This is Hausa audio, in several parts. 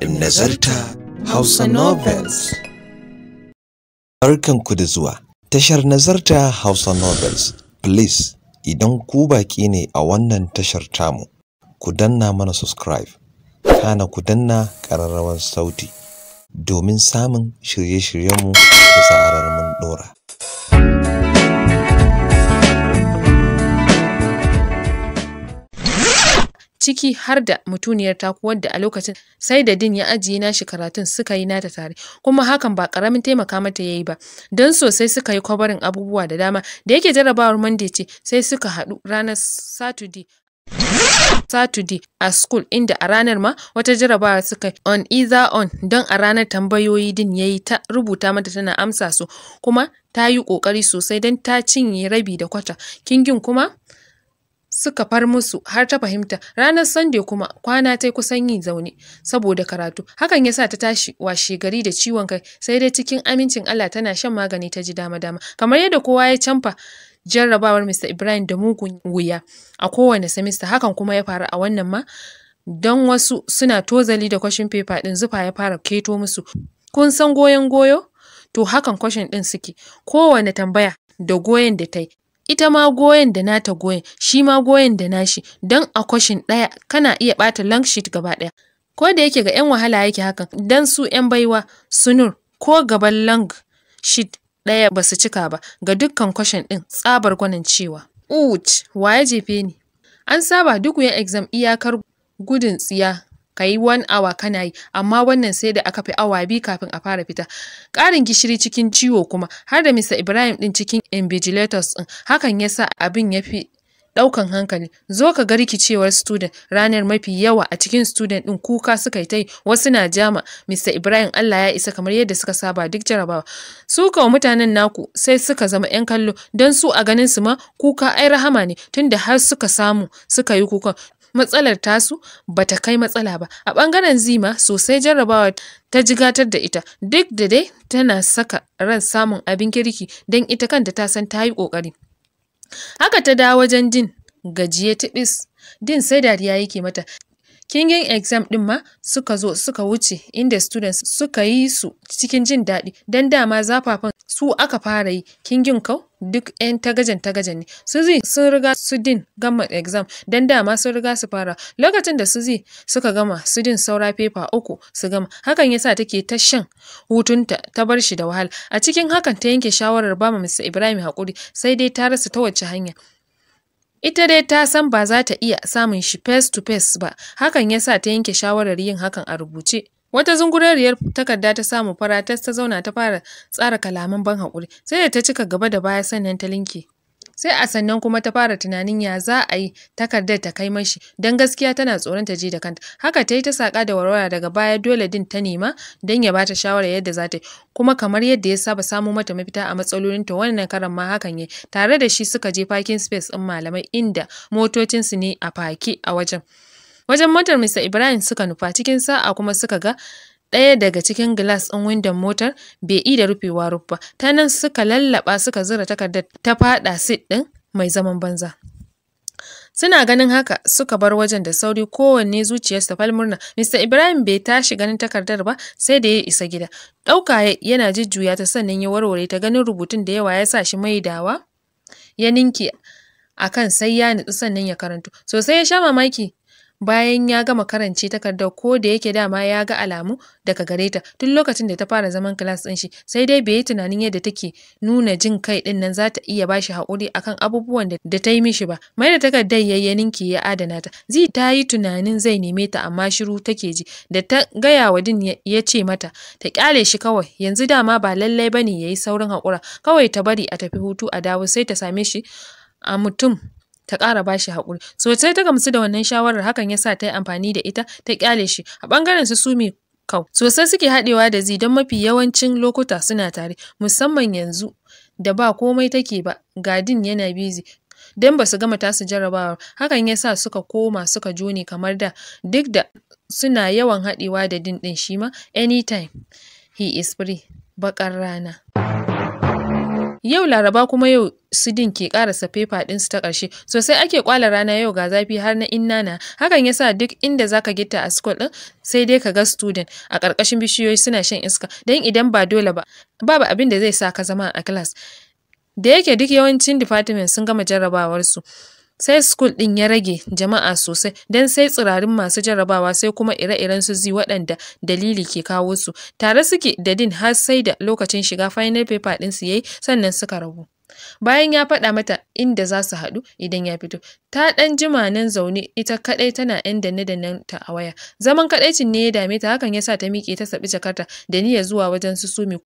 in nazarta Hausa Novels. Barkanku da zuwa, tashar nazarta Hausa Novels, please idan ku baki ne a wannan tashar tamu, ku danna mana subscribe, kana ku danna ƙararrawar sauti domin samun shirye-shiryenmu da zarar mun ɗora. ciki har da mutuniyar taku wadda a lokacin sai da din ya ajiye nashi karatun suka yi nata tare kuma hakan ba karamin taimaka mata yayi ba don sosai suka yi kwabarin abubuwa da dama da yake jarabawar monday ce sai suka haɗu ranar saturday Saturday a school inda a ranar ma wata jarabawa suka on either on don a ranar tambayoyi din ya yi ta rubuta mata tana amsa su kuma ta yi ƙoƙari sosai don ta cinye rabi da kwata. Kingin kuma suka far musu har ta fahimta ranar sande kuma kwana ta kusan yin zaune saboda karatu hakan yasa ta tashi washe gari da ciwon kai sai dai cikin amincin Allah tana shan magani ta ji dama dama kamar yadda kowa ya canfa jarrabawar Mr. Ibrahim da mugun wuya a kowane semester hakan kuma ya faru a wannan ma don wasu suna tozali da kwashin paper din zufa ya fara keto musu kun san goyon goyo to hakan kwashin din suke kowane tambaya da goyon da ta yi ita ma goyon da nata goyon shi ma goyon da nashi don a kwashin ɗaya kana iya ɓata long sheet gaba ɗaya ko da yake ga 'yan wahala yake hakan don su 'yan baiwa sunur ko gaban long sheet ɗaya ba su cika ba ga dukkan kwashin ɗin tsabar gwanin cewa uch ya jefe ni an saba duk wuyan exam iyakar gudun tsiya ka yi one hour kana yi amma wannan sai da aka fi awa biyu kafin a fara fita ƙarin gishiri cikin ciwo kuma har da Mr. Ibrahim ɗin cikin invigilators din. hakan yasa abin ya fi ɗaukan hankali zo ka ga rikicewar student ranar mafi yawa a cikin student ɗin kuka suka yi ta yi wasu na jama Mr. Ibrahim Allah ya isa kamar yadda suka saba duk jarabawa su kawo mutanen naku sai suka zama yan kallo don su a ganin su ma kuka ai rahama ne tunda har suka samu suka yi kukan matsalar tasu bata kai matsala ba a ɓangaren zima sosai jarrabawa ta jigatar da ita duk da dai tana saka ran samun abin kirki don ita kanta ta san ta yi ƙoƙari haka ta dawo wajen din gajiye tibis din sai dariya yake mata kingin exam din ma suka zo suka wuce inda students suka yi su cikin jin daɗi don dama zafafan su aka fara yi kin gin kau duk yan tagajen tagajen ne suzi sun riga su din gama exam dan dama sun riga su fara lokacin da suzi suka gama su din saura fefa uku su gama hakan yasa take ta shan hutunta ta bar shi da wahala a cikin hakan ta yanke shawarar ba ma Mr Ibrahim hakuri sai dai ta rasa ta wacce hanya Ita dai ta san ba za ta iya samun shi face to face ba, hakan yasa ta yanke shawarar yin hakan a rubuce. Wata zungureriyar takarda ta samu fara tas ta zauna ta fara tsara kalaman ban hakuri, sai da ta cika gaba da baya sannan ta linke. Sai a sannan kuma ta fara tunanin ya za a yi takarda ta kai mashi, don gaskiya tana tsoron ta je da kanta. Haka ta yi ta saƙa da warwara daga baya dole din ta nema don ya bata shawara yadda za ta yi, kuma kamar yadda ya saba samo mata mafita a matsalolin, ta wannan karan ma hakan ya tare da shi suka je parking space ɗin malamai inda motocinsu ne a fake a wajen. Wajen motar Mr. Ibrahim suka nufa cikin sa'a kuma suka ga ɗaya daga cikin gilas ɗin windon motar bai yi da rufewa ruffa ta nan suka lallaɓa suka zura takardar ta faɗa sit ɗin mai zaman banza. Suna ganin haka suka bar wajen da sauri kowanne zuciyarsa fal murna. Mr. Ibrahim bai tashi ganin takardar ba sai da ya isa gida. Ɗauka yana jujjuya ta sannan ya warware ta ganin rubutun da yawa ya sa shi mai dawa ya ninki akan sai ya nutsu sannan ya karanto. Sosai ya sha mamaki bayan ya gama karance takardar ko da yake dama ya ga alamu daga gareta tun lokacin da ta fara zaman class din shi sai dai bai yi tunanin yadda take nuna jin kai din nan za ta iya bashi haƙuri akan abubuwan da ta yi mishi ba mai da takardar yi ninki ya adana ta zai ta yi tunanin zai neme ta amma shiru take ji da ta gaya wa din ya ce mata ta kyale shi kawai yanzu dama ba lallai bane yi saurin haƙura kawai ta bari a tafi hutu a dawo sai ta same shi a mutum ta ƙara ba shi haƙuri sosai ta gamsu da wannan shawarar hakan ya sa ta yi amfani da ita ta ƙyale shi a ɓangaren su su sumi kau sosai suke haɗewa da zi don mafi yawancin lokuta suna tare musamman yanzu da ba komai take ba gadin yana bizi don ba su gama tasu jarabawa hakan ya sa suka koma suka jone kamar da duk da suna yawan haɗewa da din ɗin shi ma anytime he is free baƙar rana. Yau Laraba kuma yau Sidin ke karasa fefa ɗinsu ta ƙarshe sosai ake kwala rana yau ga zafi har na innana hakan ya sa duk inda zaka gita a school ɗin sai dai ka ga student a ƙarƙashin bishiyoyi suna shan iska don idan ba dole ba babu abin da zai sa ka zama a class da yake duk yawancin department sun gama jarrabawarsu. su sai school din ya rage jama'a sosai don sai tsirarin masu jarabawa sai kuma ire-iren su zi waɗanda dalili ke kawo su tare suke da din har sai da lokacin shiga final paper su yayi sannan suka rabu bayan ya faɗa mata inda za su haɗu idan ya fito ta ɗan jima nan zaune ita kaɗai tana yan danne nan ta a waya zaman kaɗaicin ne ya dame ta hakan ya sa ta miƙe ta saɓi jakarta da niyyar zuwa wajen su sumi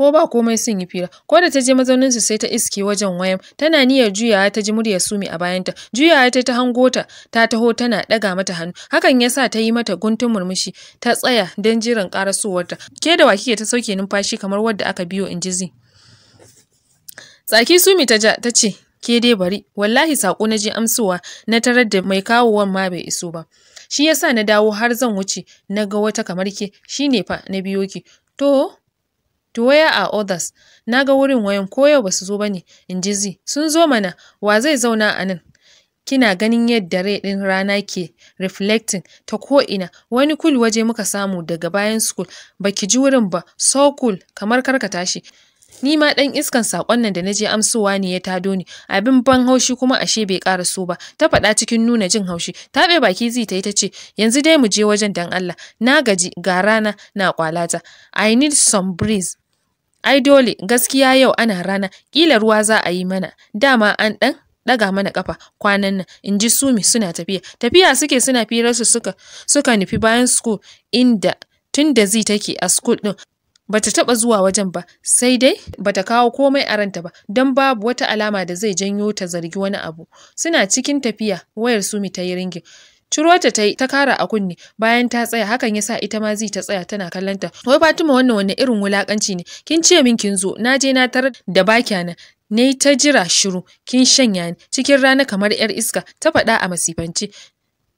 ko ba komai sun yi fira ko da ta je mazauninsu sai ta iske wajen wayan tana niyyar juyawa ta ji murya sumi a bayanta juyawa ta ta hango ta ta taho tana daga mata hannu hakan yasa ta yi mata guntun murmushi ta tsaya don jiran karasowarta ke da wa kike ta sauke numfashi kamar wadda aka biyo in ji zi tsaki sumi ta ja ta ce ke dai bari wallahi sako na je amsuwa na tarar da mai kawowan ma bai iso ba shi yasa na dawo har zan wuce na ga wata kamar ke shine fa na biyo ki to To where a others? Na ga wurin wayan ko yau ba su zo ba ne, in ji zi. Sun zo mana, wa zai zauna a nan? Kina ganin yadda rai ɗin rana ke reflecting ta ko ina wani kul waje muka samu daga bayan school, baki ji wurin ba, so cool, kamar karka tashi. Ni ma ɗan iskan saƙon nan da na je amsowa ne ya tado ni, abin ban haushi kuma ashe bai ƙara so ba, ta faɗa cikin nuna jin haushi, taɓe baki zai ta yi ta ce, yanzu dai mu je wajen dan Allah, na gaji ga rana na kwalata, I need some breeze. Ai dole gaskiya yau ana rana ƙila ruwa za a yi mana dama an ɗan ɗaga mana ƙafa kwanan nan in ji sumi suna tafiya tafiya suke suna firarsu suka suka nufi bayan school inda tun da zai take a school ɗin bata taɓa zuwa wajen ba sai dai bata kawo komai a ranta ba don babu wata alama da zai janyo ta zargi wani abu suna cikin tafiya wayar sumi ta yi ringin ciruwarta ta yi ta kara a kunne bayan ta tsaya hakan yasa ita ma zai ta tsaya tana kallon ta Wai Fatima wannan wani irin wulakanci ne kin ce min kin zo na je na tar da bakya na ne ta jira shiru kin shanya ni cikin rana kamar yar iska ta faɗa a masifance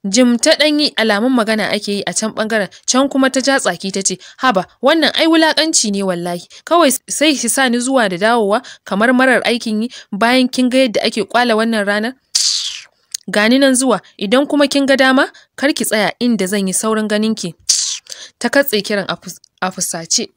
Jim ta ɗan yi alamun magana ake yi a can ɓangaren can kuma ta ja tsaki ta ce haba wannan ai wulakanci ne wallahi kawai sai ki sa ni zuwa da dawowa kamar marar aikin yi bayan kin ga yadda ake kwala wannan ranar gani nan zuwa idan kuma kin ga dama kar ki tsaya inda zan yi saurin ki ta katse kiran a fusace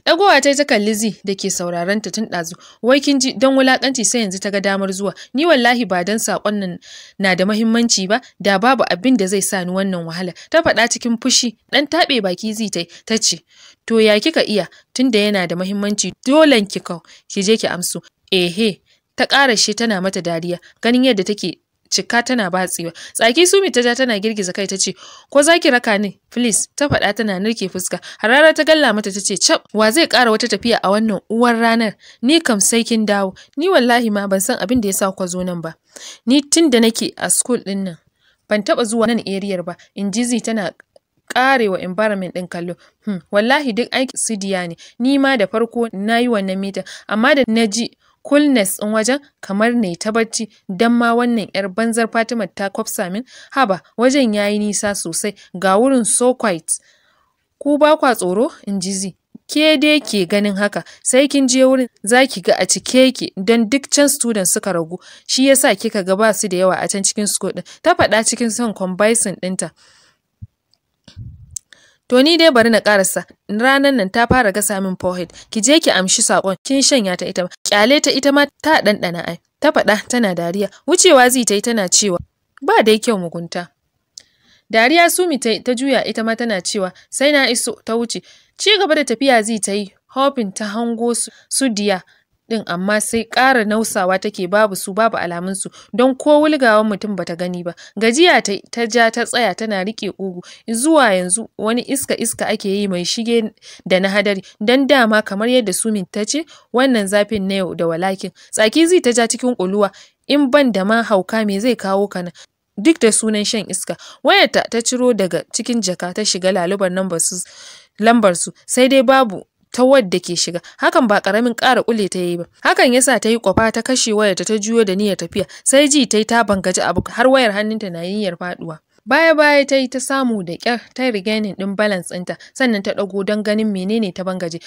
Ɗagowa ta ta kalli zi da ke sauraron ta tun ɗazu. Wai kin ji don wulakanci sai yanzu ta ga damar zuwa. Ni wallahi ba dan saƙon nan na da mahimmanci ba, da babu abin da zai sa ni wannan wahala. Ta faɗa cikin fushi, ɗan taɓe baki zi ta ta ce, To ya kika iya tun da yana da mahimmanci dole ki ki je ki amsu. Ehe, ta ƙara shi tana mata dariya ganin yadda take cika tana batsewa tsaki sumi ta ja tana girgiza kai ta ce ko za ki raka ni please ta faɗa tana nirke fuska harara ta galla mata ta ce cap wa zai ƙara wata tafiya a wannan uwar ranar ni kam sai kin dawo ni wallahi ma ban san abin da ya sa zo nan ba ni tun da nake a school din nan ban taba zuwa nan eriyar ba in ji tana karewa environment din kallo hmm. wallahi duk aiki sidiya ne ni ma da farko na yi wannan mitin amma da naji coolness ɗin wajen kamar ne ta barci don ma wannan 'yar banzar Fatima ta kwafsa min haba wajen yayi nisa sosai ga wurin so quiet. Ku ba kwa tsoro in ji zi. Ke dai ke ganin haka sai kin je wurin za ki ga a cike ki don duk can student suka ragu shi yasa kika ga ba su da yawa a can cikin school ɗin ta faɗa cikin son comparison ɗinta. To ni dai bari na karasa. Ranan nan ta fara gasa min forehead. Ki je ki amshi sakon. Kin shanya ta ita Kyale ta ita ma ta ɗanɗana ai. Ta faɗa tana dariya. Wucewa zai ta tana cewa ba dai kyau mugunta. Dariya Sumi ta, ta juya ita ma tana cewa sai na iso ta wuce. Ci gaba da tafiya zai ta yi. Hopin ta hango su, su diya din amma sai ƙara nausawa take babu su babu alamun su don ko wulgawan mutum bata gani ba gajiya ta, ja ta tsaya tana rike ƙugu zuwa yanzu wani iska iska ake yi mai shige da na hadari don dama kamar yadda sumin ta ce wannan zafin na yau da walakin tsaki zai ta ja cikin ƙuluwa in ban da ma hauka me zai kawo kana duk da sunan shan iska wayarta ta ciro daga cikin jaka ta shiga lalubar lambar su sai dai babu ta wadda ke shiga hakan ba karamin ƙara kule ta yi ba hakan yasa ta yi kwafa ta kashe wayarta ta juyo da niyyar tafiya sai ji ta yi ta bangaji abu har wayar hannunta na niyyar faduwa baya baya ta yi ta samu da kyar ta rigenin din balance ɗinta sannan ta ɗago don ganin menene ta bangaje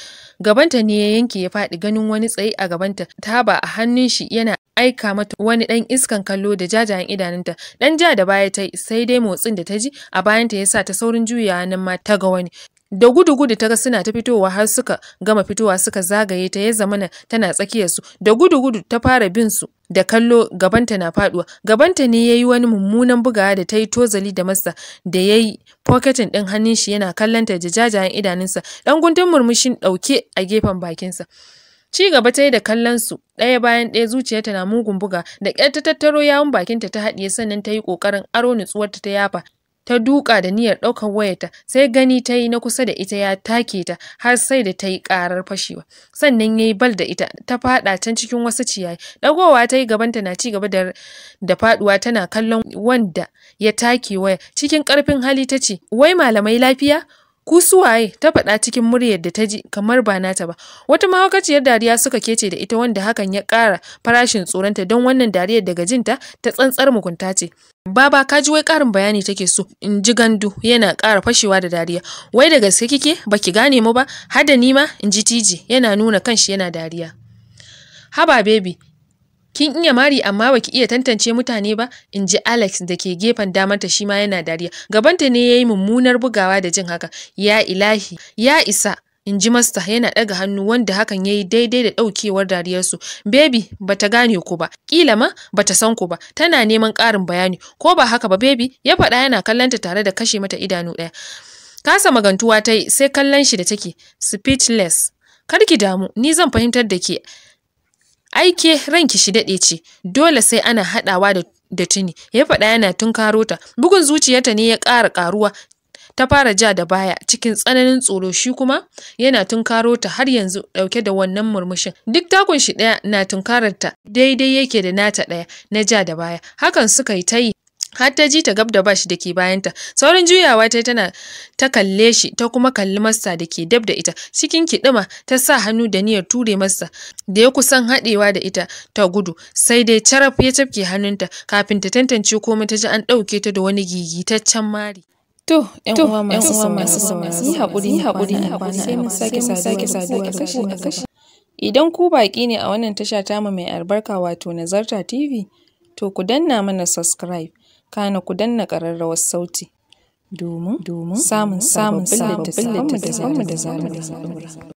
gabanta ne ya yanke ya faɗi ganin wani tsaye a gabanta ba a hannun shi yana aika mata wani ɗan iskan kallo da jajayen idanunta ɗan ja da baya ta sai dai motsin da ta ji a bayanta ya sa ta saurin juyawa nan ma ta ga wani da gudu-gudu ta ga suna ta fitowa har suka gama fitowa suka zagaye ta ya zamana tana tsakiyarsu da gudu-gudu ta fara bin su da kallo gabanta na faduwa gabanta ne yayi wani mummunan bugawa da ta yi tozali da masa da yayi yi poketin ɗin hannun shi yana kallonta da jajayen idanunsa dan guntun murmushin ɗauke a gefen bakinsa ci gaba ta yi da kallon su ɗaya bayan ɗaya zuciyarta na mugun buga da ƙyar ta tattaro yawun bakinta ta haɗiye sannan ta yi ƙoƙarin aro nutsuwarta ta yafa ta duƙa da niyyar ɗaukar wayarta sai gani ta yi na kusa da ita ya take ta har sai da ta yi ƙarar fashewa sannan ya yi bal da ita ta faɗa can cikin wasu ciyayi ɗagowa ta yi gabanta na ci gaba da faɗuwa tana kallon wanda ya take waya cikin ƙarfin hali ta ce wai malamai lafiya ku suwaye ta faɗa cikin muryar da ta ji kamar ba nata ba wata mahaukaciyar dariya suka kece da ita wanda hakan ya ƙara farashin tsoronta don wannan dariyar daga jinta ta tsantsar mugunta ce baba ka ji wai ƙarin bayani take so in ji gandu yana ƙara fashewa da dariya wai da gaske kike baki gane mu ba hada ni ma in ji tiji yana nuna kanshi yana dariya haba baby. Kin iya mari amma baki iya tantance mutane ba, in ji Alex da ke gefen damarta shi ma yana dariya. Gabanta ne ya yi mummunar bugawa da jin haka, ya ilahi, ya isa. In ji Masta yana ɗaga hannu wanda hakan ya yi daidai da ɗaukewar dariyarsu. Baby ba ta gane ku ba, ƙila ma ba ta san ku ba, tana neman ƙarin bayani, ko ba haka ba baby ya faɗa yana kallonta tare da kashe mata idanu ɗaya. Kasa magantuwa ta yi sai kallon shi da take, speechless. Kar ki damu, ni zan fahimtar da ke aike ranki shi daɗe ce dole sai ana haɗawa da tuni ya faɗa yana tunkaro ta bugun zuciyarta ne ya ƙara ƙaruwa ta fara ja da baya cikin tsananin tsoro shi kuma yana tunkaro ta har yanzu ɗauke da wannan murmushin duk takun shi ɗaya na tunkararta daidai yake da nata ɗaya na ja da baya hakan suka yi ta yi har ta ji ta gab da bashi da ke bayanta saurin juyawa ta tana ta kalle shi ta kuma kalli masa da ke dab da ita cikin kiɗima ta sa hannu da niyyar ture masa da ya kusan haɗewa da ita ta gudu sai dai caraf ya tafke hannunta kafin ta tantance komai ta ji an ɗauke ta da wani gigitaccen mari To, ‘yan uwa masu sauraro, yi haƙuri, yi haƙuri, sai mun sake sake kashi a kashi. Idan ku baƙi ne a wannan tasha tamu mai albarka wato Nazarta TV, to ku danna mana subscribe. kana ku danna ƙararrawar sauti domin samun samun samun da da zamu da zamu